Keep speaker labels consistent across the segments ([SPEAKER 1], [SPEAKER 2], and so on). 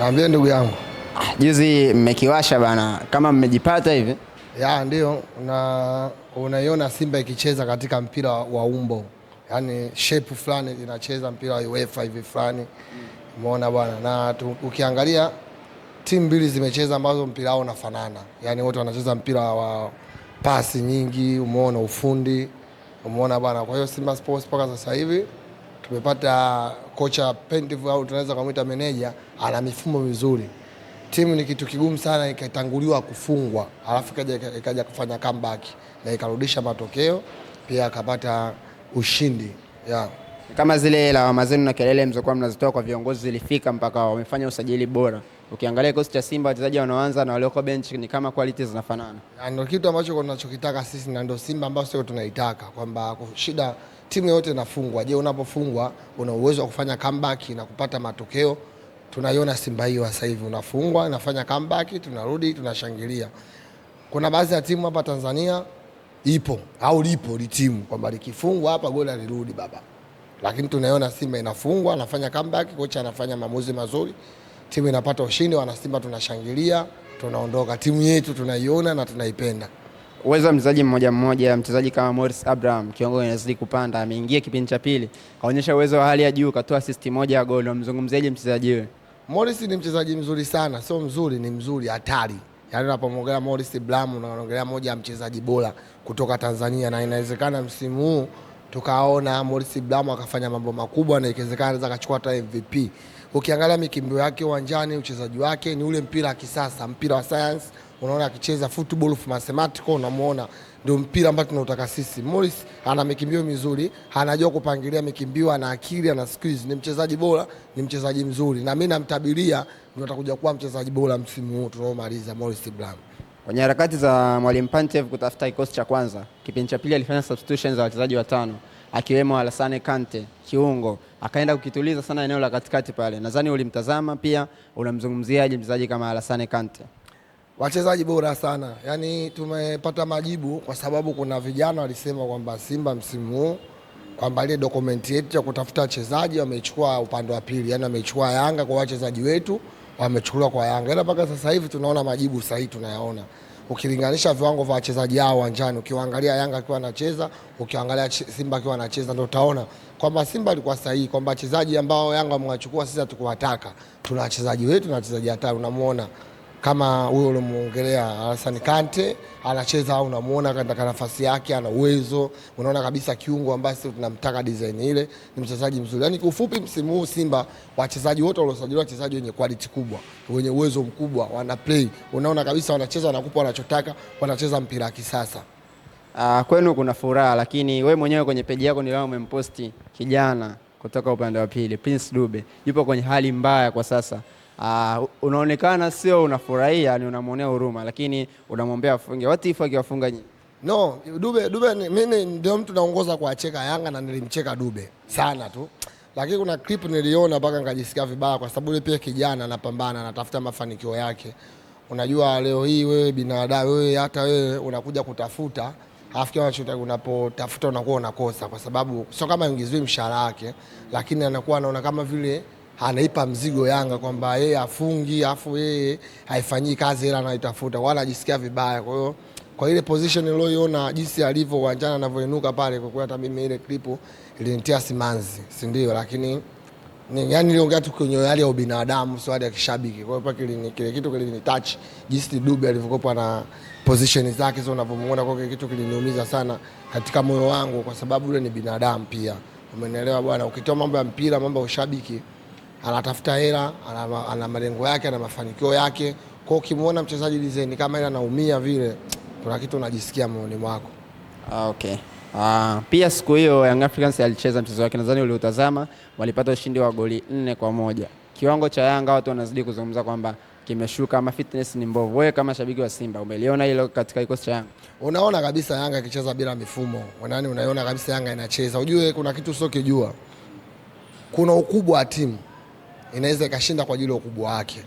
[SPEAKER 1] Naambia ndugu yangu,
[SPEAKER 2] ah, juzi mmekiwasha bana, kama mmejipata hivi
[SPEAKER 1] ya ndio unaiona Simba ikicheza katika mpira wa umbo, yaani shape fulani inacheza mpira wa UEFA hivi fulani, umeona bwana. Na ukiangalia timu mbili zimecheza ambazo mpira wao unafanana, yaani wote wanacheza mpira wa pasi nyingi, umeona ufundi, umeona bwana. Kwa hiyo Simba Sports mpaka sasa hivi tumepata kocha Pendevu au tunaweza kumuita meneja, ana mifumo mizuri. Timu ni kitu kigumu sana ikatanguliwa kufungwa alafu ikaja kufanya comeback na ikarudisha matokeo pia akapata ushindi yeah.
[SPEAKER 2] Kama zile lawama zenu na kelele mzokuwa mnazitoa kwa viongozi zilifika mpaka wamefanya usajili bora. Ukiangalia kikosi cha Simba wachezaji wanaoanza na walioko bench ni kama quality zinafanana.
[SPEAKER 1] Ndio kitu ambacho tunachokitaka sisi na ndio Simba ambayo sio tunaitaka kwamba shida timu yoyote inafungwa. Je, unapofungwa una uwezo wa kufanya comeback na kupata matokeo? Tunaiona Simba hiyo sasa hivi, unafungwa inafanya comeback, tunarudi tunashangilia. Kuna baadhi ya timu hapa Tanzania ipo au lipo timu kwamba likifungwa hapa goli alirudi baba, lakini tunaiona Simba inafungwa anafanya comeback, kocha anafanya maamuzi mazuri, timu inapata ushindi, wana Simba tunashangilia, tunaondoka. Timu yetu tunaiona na tunaipenda
[SPEAKER 2] uwezo wa mchezaji mmoja mmoja, mchezaji kama Morris Abraham kiwango kinazidi kupanda, ameingia kipindi cha pili, kaonyesha uwezo wa hali ya juu, katoa assist moja ya goli. Unamzungumziaje mchezaji huyo?
[SPEAKER 1] Morris ni mchezaji mzuri sana, sio mzuri, ni mzuri hatari. Yaani unapomwongelea Morris Abraham unaongelea moja ya mchezaji bora kutoka Tanzania, na inawezekana msimu huu tukaona Morris Abraham akafanya mambo makubwa, na ikiwezekana anaweza akachukua hata MVP. Ukiangalia mikimbio yake uwanjani, uchezaji wake ni ule mpira wa kisasa, mpira wa science unaona akicheza football of mathematical, unamuona ndio mpira ambao tunautaka sisi. Morris ana mikimbio mizuri, anajua kupangilia mikimbio, ana akili, ana skills, ni mchezaji bora, ni mchezaji mzuri, na mimi namtabiria ndio atakuja kuwa mchezaji bora msimu huu tunaomaliza, Morris Brown.
[SPEAKER 2] Kwenye harakati za mwalimu Pantev kutafuta kikosi cha kwanza, kipindi cha pili alifanya substitutions za wachezaji watano akiwemo Alassane Kante kiungo, akaenda kukituliza sana eneo la katikati pale. Nadhani ulimtazama pia, unamzungumziaje mchezaji kama Alassane Kante?
[SPEAKER 1] wachezaji bora sana, yaani tumepata majibu kwa sababu kuna vijana walisema kwamba Simba msimu huu kwamba ile dokumenti yetu ya kutafuta wachezaji wamechukua upande wa pili, yaani wamechukua Yanga kwa wachezaji wetu wamechukuliwa kwa Yanga, ila yaani mpaka sasa hivi tunaona majibu sahihi tunayaona ukilinganisha viwango vya wachezaji hao uwanjani, ukiwaangalia Yanga akiwa anacheza, ukiangalia Simba akiwa anacheza, ndio utaona kwamba Simba alikuwa sahihi, kwamba wachezaji ambao Yanga wamewachukua sisi hatukuwataka, tuna wachezaji wetu na wachezaji hatari, unamuona kama huyo uliomuongelea Hassan Kante anacheza au unamuona katika nafasi yake, ana uwezo, unaona kabisa kiungo ambaye sisi tunamtaka design ile, ni mchezaji mzuri. Yani kiufupi, msimu huu Simba wachezaji wote waliosajiliwa, wachezaji wenye quality kubwa, wenye uwezo mkubwa, wana play, unaona kabisa wanacheza, wanakupa wanachotaka, wanacheza mpira wa kisasa.
[SPEAKER 2] Uh, kwenu kuna furaha, lakini we mwenyewe kwenye peji yako ni leo umemposti kijana kutoka upande wa pili Prince Dube, yupo kwenye hali mbaya kwa sasa uh, unaonekana sio unafurahia, ni unamwonea huruma, lakini unamwombea afunge. What if akiwafunga nyinyi?
[SPEAKER 1] No, Dube, Dube mimi ndio mtu naongoza kwa cheka Yanga na nilimcheka Dube sana tu, lakini kuna clip niliona mpaka nikajisikia vibaya, kwa sababu yule pia kijana anapambana, anatafuta mafanikio yake. Unajua leo hii wewe binadamu, wewe hata wewe unakuja kutafuta unapotafuta unakuwa unakosa, kwa sababu sio kama ingizwi mshahara wake, lakini anakuwa anaona kama vile anaipa mzigo Yanga kwamba yeye afungi afu yeye haifanyii kazi hela anaitafuta, wala ajisikia vibaya. Kwa hiyo kwa ile position niliyoiona jinsi alivyo uwanjani anavyoinuka pale, kwa kweli hata mimi ile clip ilinitia simanzi, si ndio? Lakini ni yani niliongea tu kwenye hali ya ubinadamu, sio hali ya kishabiki. Kwa hiyo kile kile kitu kilinitouch jinsi Dube alivyokuwa na position zake zao unavyomuona, kwa kitu kiliniumiza sana katika moyo wangu, kwa sababu yule ni binadamu pia, umenielewa bwana. Ukitoa mambo ya mpira, mambo ya ushabiki anatafuta hela, ana malengo yake, ana mafanikio yake. Kwa ukimwona mchezaji design kama ile anaumia vile, kuna kitu unajisikia moyoni mwako.
[SPEAKER 2] Ah, okay. Ah, pia siku hiyo Young Africans alicheza mchezo wake, nadhani uliotazama, walipata ushindi wa goli nne kwa moja. Kiwango cha Yanga watu wanazidi kuzungumza kwamba kimeshuka ama fitness ni mbovu. Wewe kama shabiki wa Simba umeliona hilo katika kikosi cha Yanga?
[SPEAKER 1] Unaona kabisa Yanga ikicheza bila mifumo, yaani unaiona kabisa Yanga inacheza. Ujue kuna kitu sio kijua, kuna ukubwa wa timu inaweza ikashinda kwa ajili ya ukubwa wake,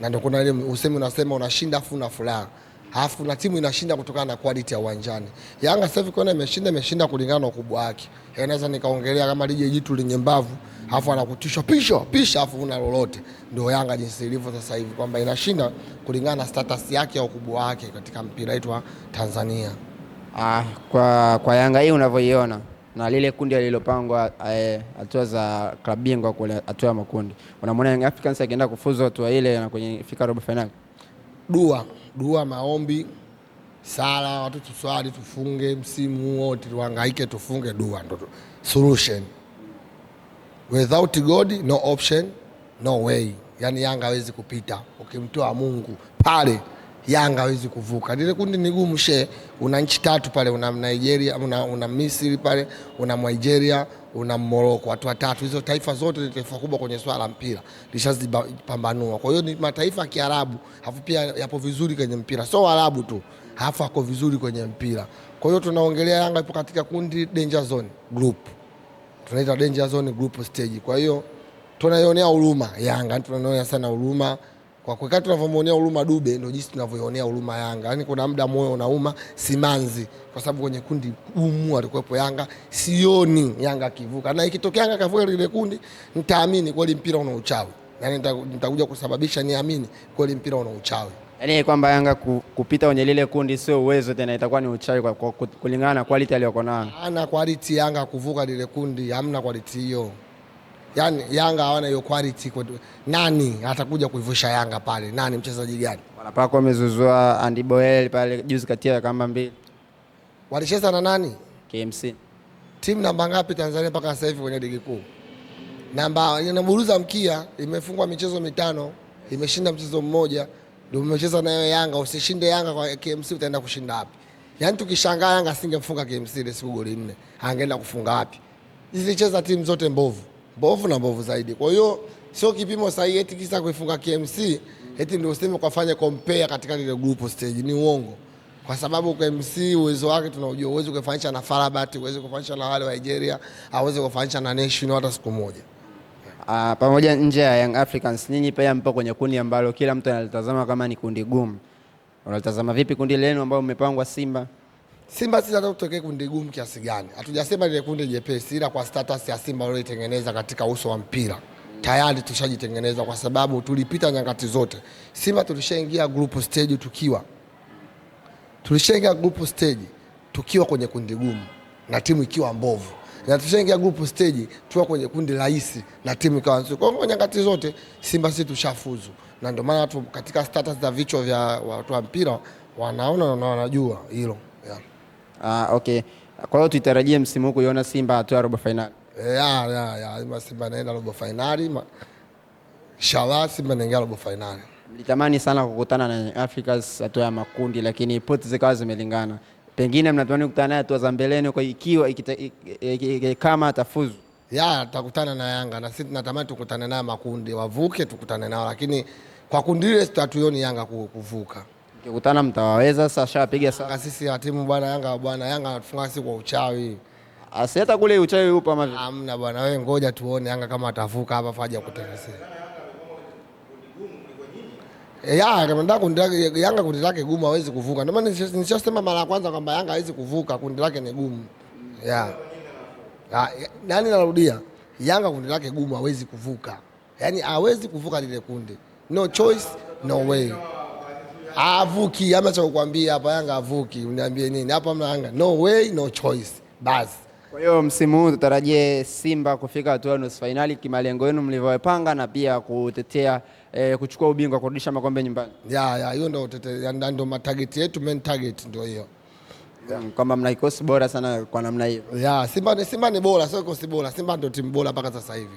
[SPEAKER 1] na ndio kuna ile usemi unasema unashinda afu na furaha alafu na timu inashinda kutokana na quality ya uwanjani. Yanga sasa hivi kuna imeshinda imeshinda kulingana na ukubwa wake. Eh, naweza nikaongelea kama lije jitu lenye mbavu, alafu anakutisha pisho pisha, alafu una lolote. Ndio Yanga jinsi ilivyo sasa hivi kwamba inashinda kulingana na status yake ya ukubwa wake katika mpira wetu wa Tanzania.
[SPEAKER 2] Ah, kwa, kwa Yanga hii unavyoiona na lile kundi lililopangwa eh, hatua za klabu bingwa kule hatua ya makundi. Unamwona Young Africans akienda kufuzu hatua ile na kwenye fika robo fainali
[SPEAKER 1] Dua, dua, maombi, sala, watu tuswali, tufunge msimu wote, tuhangaike, tufunge, dua ndo solution. Without God no option, no way. Yani Yanga hawezi kupita ukimtoa Mungu pale Yanga hawezi kuvuka. Lile kundi ni gumu she, una nchi tatu pale, una Nigeria, una, una Misri pale, una Nigeria, una Morocco, watu watatu. Hizo taifa zote ni taifa kubwa kwenye swala la mpira, lishazipambanua. Kwa hiyo ni mataifa ya Kiarabu, hafu pia yapo vizuri kwenye mpira, sio Waarabu tu, hafu ako vizuri kwenye mpira. Kwa hiyo tunaongelea Yanga ipo katika kundi danger zone group, tunaita danger zone group stage. Kwa hiyo tunaionea huruma Yanga, tunaionea sana huruma kwa kweli tunavyomwonea huruma Dube ndio jinsi tunavyoionea huruma Yanga. Yaani kuna muda moyo unauma simanzi, kwa sababu kwenye kundi gumu alikuwepo Yanga, sioni Yanga akivuka, na ikitokea Yanga kavuka lile kundi nitaamini kweli mpira una uchawi, yaani nitakuja kusababisha niamini kweli mpira una uchawi,
[SPEAKER 2] yaani kwamba Yanga kupita kwenye lile kundi sio uwezo tena, itakuwa ni uchawi kulingana na quality aliyokuwa nayo.
[SPEAKER 1] Ana quality Yanga kuvuka lile kundi, hamna quality hiyo yani Yanga hawana hiyo quality. kwa Nani atakuja kuivusha Yanga pale? Nani mchezaji gani?
[SPEAKER 2] Wanapako wamezuzua Andy Boyle pale juzi, kati ya kamba mbili
[SPEAKER 1] walicheza na nani? KMC. Timu namba ngapi Tanzania mpaka sasa hivi kwenye ligi kuu? Namba inaburuza mkia, imefungwa michezo mitano, imeshinda mchezo mmoja, ndio umecheza nayo Yanga. Usishinde Yanga kwa KMC, utaenda kushinda wapi? Yaani tukishangaa Yanga asingemfunga KMC ile siku goli nne, angeenda kufunga wapi? Zilicheza timu zote mbovu mbovu na mbovu zaidi. Kwa hiyo sio kipimo sahihi eti kisa kuifunga KMC eti ndio useme kufanya compare katika ile group stage, ni uongo, kwa sababu KMC uwezo wake tunaujua, uwezo kufanisha na Farabat, uwezo kufanisha na wale wa Nigeria, hawezi kufanisha na Nation hata siku moja.
[SPEAKER 2] Uh, pamoja nje ya Young Africans nyinyi pia mpo kwenye kundi ambalo kila mtu analitazama kama ni kundi gumu. Unalitazama vipi kundi lenu ambalo mmepangwa Simba?
[SPEAKER 1] Simba sisi hata tutokee kundi gumu kiasi gani, hatujasema ile kundi jepesi, ila kwa status ya Simba walioitengeneza katika uso wa mpira tayari tushajitengeneza, kwa sababu tulipita nyakati zote. Simba tulishaingia group stage tukiwa tulishaingia group stage tukiwa kwenye kundi gumu na timu ikiwa mbovu, na tulishaingia group stage tukiwa kwenye kundi rahisi na timu ikawa nzuri. Kwa hiyo nyakati zote Simba sisi tushafuzu, na ndio maana katika status za vichwa vya watu wa mpira wanaona na wanajua hilo yeah.
[SPEAKER 2] Ah, okay. Kwa hiyo tuitarajie msimu huu kuiona Simba hatua robo finali.
[SPEAKER 1] Yeah, yeah, yeah. Simba naenda robo fainali. Inshallah Simba naingia robo fainali.
[SPEAKER 2] Mlitamani sana kukutana na Africans hatua ya makundi, lakini pote zikawa zimelingana. Pengine mnatamani kukutana naye hatua za mbeleni, kwa ikiwa kama atafuzu
[SPEAKER 1] ya tutakutana na Yanga na sisi tunatamani tukutane naye makundi, wavuke tukutane nao, lakini kwa kundi lile hatuioni Yanga kuvuka
[SPEAKER 2] kikutana mtawaweza. Sasa shapiga sasa,
[SPEAKER 1] sisi ya timu bwana, Yanga bwana, Yanga anatufunga si kwa uchawi
[SPEAKER 2] asi, hata kule uchawi upo ama
[SPEAKER 1] hamna bwana. Wewe ngoja tuone Yanga kama atavuka hapa faja kama e, Yanga kundi lake gumu, hawezi kuvuka. Ndio maana nishasema mara ya kwanza kwamba Yanga hawezi kuvuka, kundi lake ni gumu. Ya. Nani narudia, Yanga kundi lake gumu, hawezi kuvuka, yaani hawezi kuvuka lile kundi, no choice no way avuki ama cha kukwambia hapa Yanga avuki, Uniambie nini? Hapa mna Yanga. No way, no choice. Basi.
[SPEAKER 2] Kwa hiyo msimu huu tutarajie Simba kufika hatua ya nusu fainali kimalengo yenu mlivyopanga na pia kutetea eh, kuchukua ubingwa kurudisha makombe nyumbani.
[SPEAKER 1] Ya, ya, hiyo ndio ndio matageti yetu, main target ndio hiyo.
[SPEAKER 2] Kwamba mna kikosi bora sana kwa namna hiyo.
[SPEAKER 1] Ya, Simba ni Simba ni bora, sio kikosi bora. Simba ndio timu bora mpaka sasa hivi.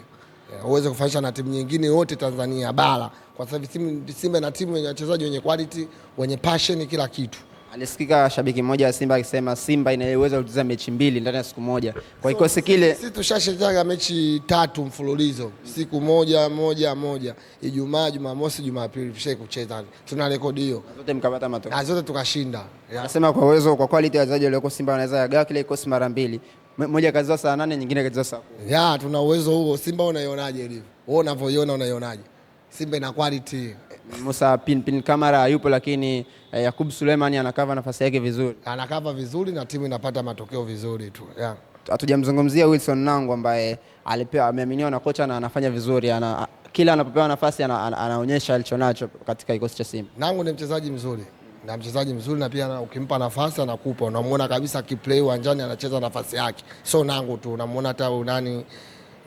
[SPEAKER 1] Uweze kufanisha na timu nyingine yote Tanzania bara kwa sababu Simba na timu yenye wachezaji wenye quality, wenye passion, kila kitu.
[SPEAKER 2] Alisikika shabiki mmoja wa Simba akisema Simba ina uwezo wa kucheza mechi mbili ndani ya siku moja. Kwa hiyo so, kile sisi
[SPEAKER 1] tushashajaga mechi tatu mfululizo siku moja moja moja, Ijumaa, Jumamosi, Jumapili tushai kucheza, tuna rekodi hiyo
[SPEAKER 2] zote, mkapata matokeo na zote tukashinda. Anasema kwa uwezo, kwa quality ya wachezaji walioko Simba wanaweza yagawa kile kikosi mara mbili, moja kaziwa saa nane, nyingine kaziwa saa kumi.
[SPEAKER 1] Ya, tuna uwezo huo. Simba unaionaje ilivyo? Wewe unavyoiona unaionaje? Simba ina quality.
[SPEAKER 2] Musa pin pin Kamara yupo lakini eh, Yakub Suleiman anakava nafasi yake vizuri,
[SPEAKER 1] anakava vizuri na timu inapata matokeo vizuri tu yeah.
[SPEAKER 2] Hatujamzungumzia Wilson Nangu ambaye alipewa, ameaminiwa na kocha na anafanya vizuri ana, kila anapopewa nafasi ana, ana, anaonyesha alichonacho katika kikosi cha Simba.
[SPEAKER 1] Nangu ni mchezaji mzuri na mchezaji mzuri na pia ukimpa nafasi anakupa, unamwona kabisa kiplay uwanjani anacheza nafasi yake, so Nangu tu unamwona hata nani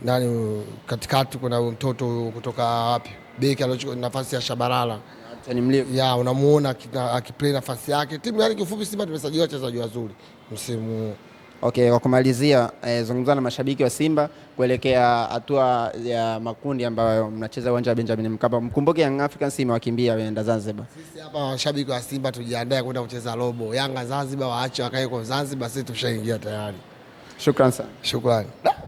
[SPEAKER 1] nani katikati, kuna mtoto kutoka wapi beki aliochukua nafasi ya Shabalala ya unamuona akiplay nafasi yake. Timu yani kifupi, Simba tumesajiliwa wachezaji wazuri msimu huu.
[SPEAKER 2] Okay, kwa kumalizia eh, zungumza na mashabiki wa Simba kuelekea hatua ya makundi ambayo mnacheza uwanja wa Benjamin Mkapa. Mkumbuke Young Africans wakimbia waenda Zanzibar.
[SPEAKER 1] Sisi hapa mashabiki wa Simba tujiandae kwenda kucheza robo. Yanga Zanzibar waache wakae kwa Zanzibar, sisi tushaingia tayari. Shukran sana. Shukrani.